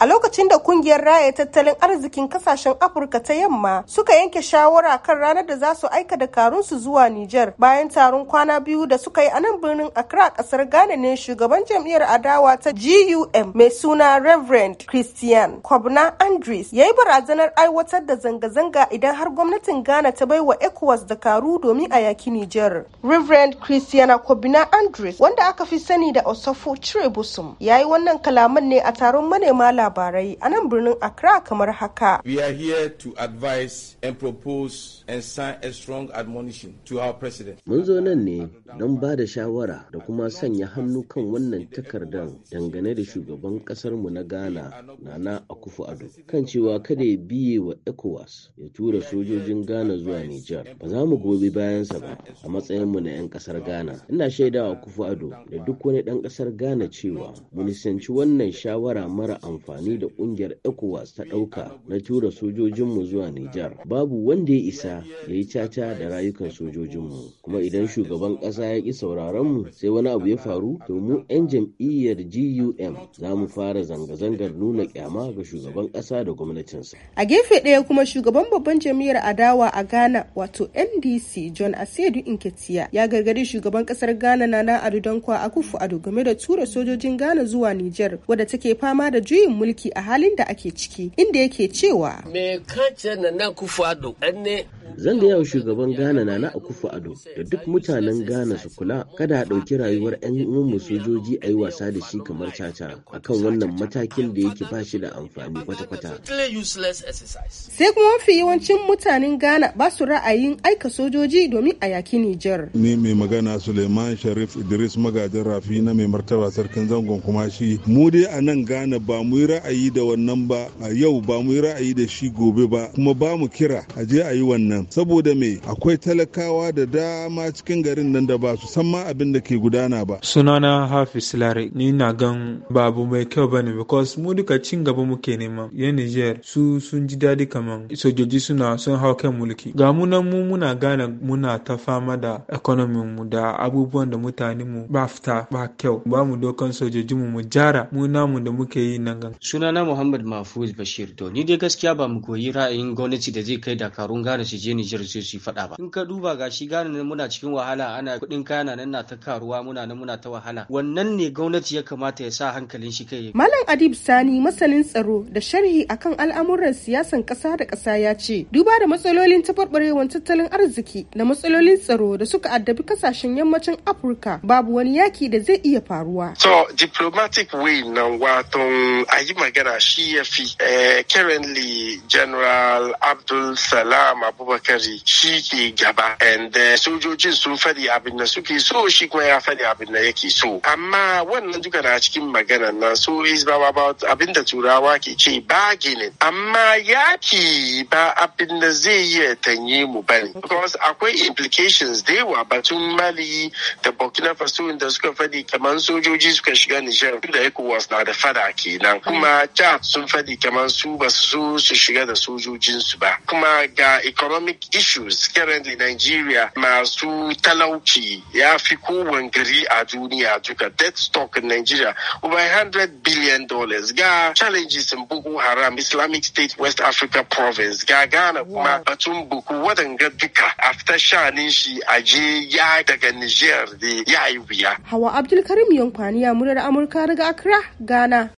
A lokacin da kungiyar raya tattalin arzikin kasashen Afirka ta yamma suka yanke shawara kan ranar da za su aika da karunsu zuwa Nijar bayan taron kwana biyu da suka yi a nan birnin Accra kasar Ghana ne shugaban jam'iyyar adawa ta GUM mai suna Reverend Christian Kwabna Andres ya yi barazanar aiwatar da zanga-zanga idan har gwamnatin Ghana ta bai wa ECOWAS dakaru domin a yaki Nijar. Reverend Christian Kwabna Andres wanda aka fi sani da Osofo Chirebusum ya yi wannan kalaman ne a taron manema labarai a nan birnin Accra kamar haka. We are here to advise and propose and sign a strong admonition to our president. Mun zo nan ne don ba da shawara da kuma sanya hannu kan wannan takardar dangane da shugaban kasarmu na Ghana Nana Akufo Ado kan cewa kada ya biye wa ECOWAS ya tura sojojin Ghana zuwa Nijar. Ba za mu gobe bayansa ba a matsayinmu na 'yan kasar Ghana. Ina shaidawa Akufo Ado da duk wani ɗan ƙasar Ghana cewa mu nisanci wannan shawara mara amfani amfani da kungiyar ECOWAS ta ɗauka na tura sojojinmu zuwa Nijar. Babu wanda ya isa ya yi caca da rayukan sojojinmu. Kuma idan shugaban ƙasa ya ƙi sauraron mu sai wani abu ya faru to mu 'yan jam'iyyar GUM za mu fara zanga-zangar nuna kyama ga shugaban ƙasa da gwamnatinsa. A gefe ɗaya kuma shugaban babban jam'iyyar adawa a Ghana wato NDC John Asedu inketia ya gargadi shugaban ƙasar Ghana Nana Adudankwa Akufu Ado game da tura sojojin Ghana zuwa Nijar wadda take fama da juyin mulki a halin da ake ciki inda yake cewa me kace na nan kufa do ne Zan gaya wa shugaban Ghana na na akufa ado da duk mutanen Ghana su kula kada a ɗauki rayuwar 'yan uwanmu sojoji a yi wasa da shi kamar caca akan wannan matakin da yake ba shi da amfani kwata-kwata. Sai kuma mafi yawancin mutanen Ghana ba su ra'ayin aika sojoji domin a yaki Nijar. Ni mai magana Suleiman Sharif Idris magajin Rafi na mai martaba sarkin zangon kuma shi mu dai a nan Ghana ba mu yi ra'ayi da wannan ba a yau ba mu yi ra'ayi da shi gobe ba kuma ba mu kira a je a yi wannan saboda me akwai talakawa da dama cikin garin nan da ba su san ma abin da ke gudana ba sunana hafiz lare ni na gan babu mai kyau bane because mu duka cin gaba muke nema yan niger su sun ji daɗi kaman sojoji suna sun hau kan mulki ga mu nan mu muna gane muna ta fama da economy mu da abubuwan da mutane mu ba fita ba kyau ba mu dokan sojoji mu mu jara mu namu da muke yi nan gan sunana muhammad mahfuz bashir to ni dai gaskiya ba mu koyi ra'ayin gwamnati da zai kai dakarun gane su je Nijar sai su faɗa ba. In ka duba ga shi Ghana muna cikin wahala ana kuɗin kayana nan na ta karuwa muna nan muna ta wahala. Wannan ne gwamnati ya kamata ya sa hankalin shi kai. Malam Adib Sani masanin tsaro da sharhi akan al'amuran siyasan ƙasa da ƙasa ya ce duba da matsalolin taɓarɓarewar tattalin arziki da matsalolin tsaro da suka addabi ƙasashen yammacin Afirka babu wani yaki da zai iya faruwa. So diplomatic way nan wato a yi magana shi ya fi. Eh, currently General Abdul Salam Abubakar askari shi ke gaba and uh, sojojin sun faɗi abin da suke so shi kuma ya faɗi abin da yake so amma wannan duka na cikin magana na so is about abin da turawa ke ce ba bargaining amma yaki ba abin da zai iya tanye mu bane because akwai implications da yawa batun mali da burkina faso da suka fadi kamar sojoji suka shiga nijar da ecowas na da fada kenan kuma chad sun faɗi kamar su ba su su shiga da sojojinsu ba kuma ga economic economic issues currently Nigeria masu talauci ya fi kowane gari a duniya duka debt stock in Nigeria over 100 billion dollars ga challenges in Boko Haram Islamic State West Africa province ga Ghana kuma batun buku wadanga duka after shanin shi aje ya daga Niger da ya yi wuya. Hawa Abdulkarim Yankwani ya murar Amurka daga Accra, Ghana.